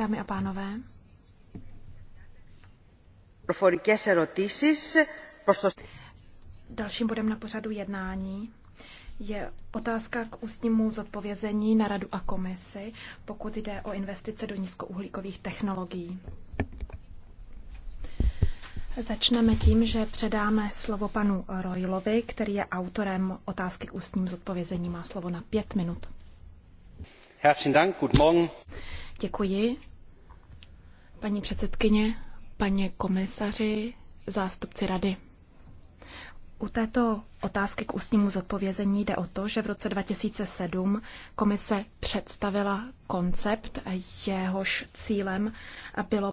Dámy a pánové. Dalším bodem na pořadu jednání je otázka k ústnímu zodpovězení na radu a komisi, pokud jde o investice do nízkouhlíkových technologií. Začneme tím, že předáme slovo panu Roylovi, který je autorem otázky k ústním zodpovězení. Má slovo na pět minut. Herzlichen Dank, guten Morgen. Děkuji. Paní předsedkyně, paní komisaři, zástupci rady. U této otázky k ústnímu zodpovězení jde o to, že v roce 2007 komise představila koncept, jehož cílem bylo